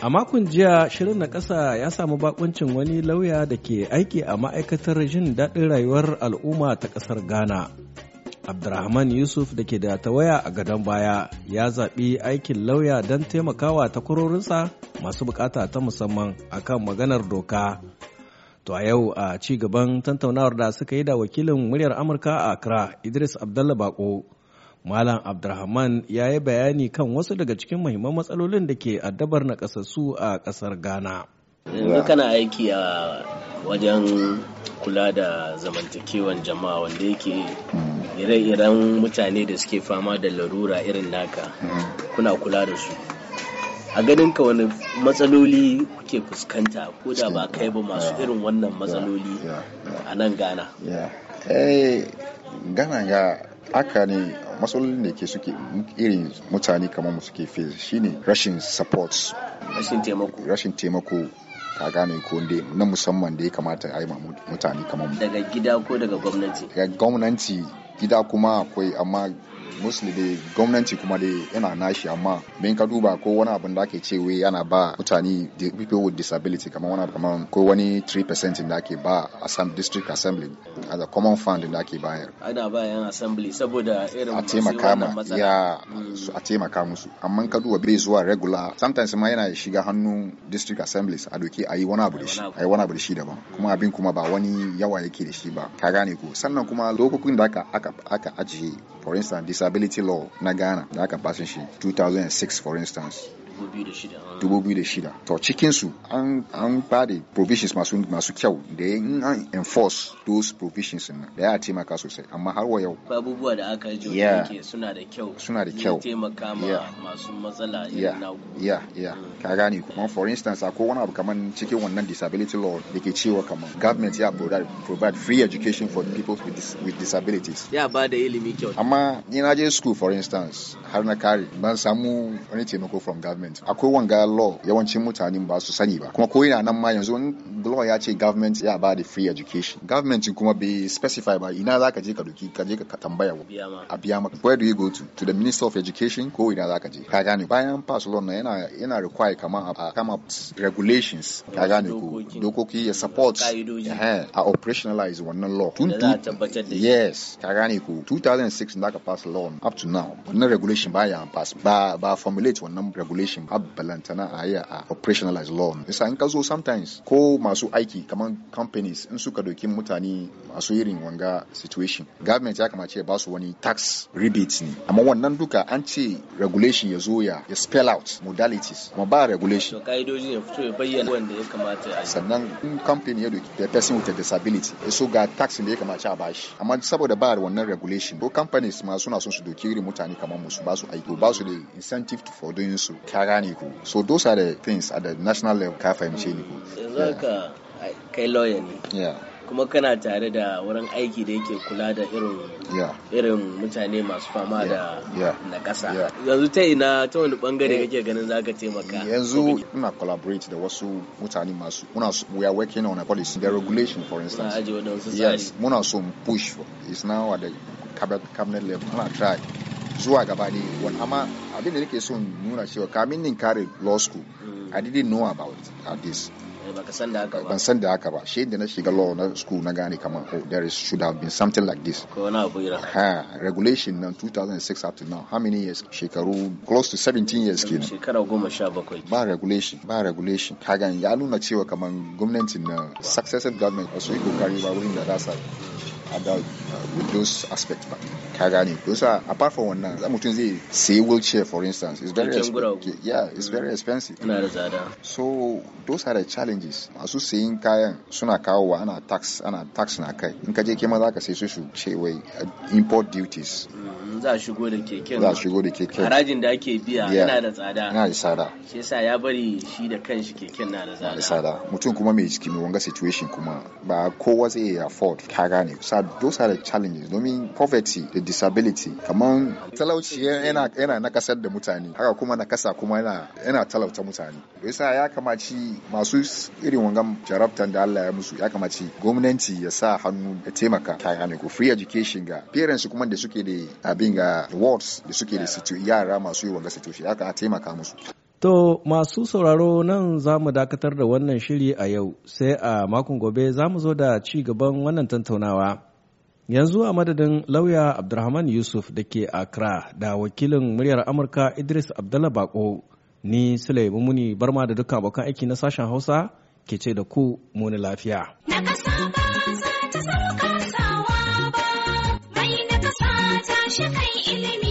A makon jiya shirin na ƙasa ya samu bakuncin wani lauya da ke aiki a ma'aikatar jin daɗin rayuwar al'umma ta ƙasar Ghana. Abdurrahman Yusuf da ke da tawaya a gadon baya ya zaɓi aikin lauya don taimakawa ta kurorinsa masu bukata ta musamman a kan maganar doka. To a yau a ci gaban tantaunawar da suka yi da wakilin muryar Amurka a Accra Idris Abdallah Bako. Malam Abdulrahman ya yi bayani kan wasu daga cikin muhimman matsalolin da ke addabar na nakasassu a ƙasar Ghana. Yanzu kana aiki a wajen kula da zamantakewan jama'a wanda yake ire-iren mutane da suke fama da larura irin naka kuna kula da su. A ganinka wani matsaloli kuke fuskanta ko da ba kai ba masu irin wannan matsaloli a nan Ghana. Eh, Ghana ya haka ne matsalolin da ke suke irin mutane kamar mu suke face shine rashin support rashin taimako rashin ka gane ko na musamman da ya kamata a yi mutane kamar mu daga gida ko daga gwamnati daga gwamnati gida kuma akwai amma mostly dai gwamnati kuma dai yana nashi amma bin ka duba ko wani abin da ake ce wai yana ba mutane people with disability kamar wani kamar ko wani 3% da ake ba a district assembly as a common fund da ake bayar ana ba yan assembly saboda irin a taimaka ma ya mm. a taimaka musu amma ka duba bai zuwa regular sometimes ma yana shiga hannun district assemblies a doki ayi wani abu da shi ayi wani abu da shi daban kuma abin kuma ba wani yawa yake da shi ba ka gane ko sannan kuma lokacin da aka aka ajiye for instance disability law na Ghana da aka fasin 2006 for instance 2006 to su an an ba bada provisions masu masu kyau da in an enforce those provisions na da ya taimaka sosai amma har wa yau abubuwa da aka ji suna da kyau suna da kyau taimaka ma masu matsala irin nagu ya ya ka gane kuma for instance akwai wani abu kaman cikin wannan disability law da ke cewa kaman government ya provide, provide free education for people with, dis with disabilities ya ba da ilimi kyau amma ni na je school for instance har na kare ban samu wani taimako from government government akwai wanga law yawancin mutanen ba su sani ba kuma ko yana nan ma yanzu the law ya ce government ya ba da free education government kuma bai specify ba ina za ka je ka doki ka je ka tambaya wa a biya maka where do you go to to the minister of education ko ina za ka je ka gane bayan pass law na yana yana require kama a kama regulations ka gane ko dokoki ya support a operationalize wannan law tun yes ka gane ko 2006 da ka pass law up to now wannan regulation baya pass ba ba formulate wannan regulation b'a balantana a yi a operationalize law isa in ka zo sometimes ko ma masu aiki kamar companies in suka doki mutane masu irin wanga situation government ya kamace ya basu wani tax rebate ne amma wannan duka an ce regulation ya zo ya spell out modalities kuma ba regulation ka'idoji ya fito ya bayyana wanda ya kamata a sannan in company ya doki the person with a disability so ga tax da ya kamace a bashi amma saboda ba wannan regulation ko companies ma suna son su doki irin mutane kamar musu. su ba su aiki ba su da incentive for doing so ka gane ko so those are the things at the national level ka fahimce ni ku yanzu haka kai lawyer ne kuma kana tare da wurin aiki da yake kula da irin mutane masu fama da na ƙasa yanzu ta ina ta wani bangare eh. kake ganin ka taimaka yanzu ina collaborate da wasu mutane masu muna we are working on a policy the regulation for instance yes muna so push for is now at the cabinet level ana try zuwa gaba ne wani amma abin da nake so nuna cewa kamin nin kare law school mm. i didn't know about this Eh, ban san da haka ba shi da na shiga law na school na gane kamar oh there is should have been something like this ko na abu irin ha ah, regulation na 2006 up to now how many years shekaru close to 17 years kenan shekara 17 sha bakwai ba regulation ba regulation kagan ya nuna cewa kamar gwamnatin na successive government wasu iko yi kokari ba wurin da za about uh, with those aspects ba ka gane to sa apart from wannan za mutum zai sayi wheelchair for instance is very expensive yeah it's very mm. expensive yana da tsada so those are the challenges masu sayin kayan suna kawowa ana tax ana tax na kai in ka je kema za ka sai su su ce wai uh, import duties mm, za a shigo da keken za a shigo da keken harajin da ake biya yana da tsada yana da tsada shi yasa ya bari shi da kanshi keken na da tsada N'a da tsada mutum kuma mai ciki mai wanga situation kuma ba kowa zai afford ka gane sa sa those are the challenges domin poverty da disability kaman talauci yana yana nakasar da mutane haka kuma nakasa kuma yana yana talauta mutane yasa ya kamaci masu irin wangan jarabtan da Allah ya musu ya kamaci gwamnati ya sa hannu da taimaka kayan ko free education ga parents kuma da suke da abin ga wards da suke da yara masu yi wanga situation haka ka taimaka musu To masu sauraro nan za mu dakatar da wannan shiri a yau sai a makon gobe za mu zo da ci gaban wannan tantaunawa. yanzu a madadin lauya abdulrahman yusuf da ke accra da wakilin muryar amurka idris abdallah bako ni sule muni barma da duka abokan aiki na sashen hausa ke ce da ku muni lafiya ilimi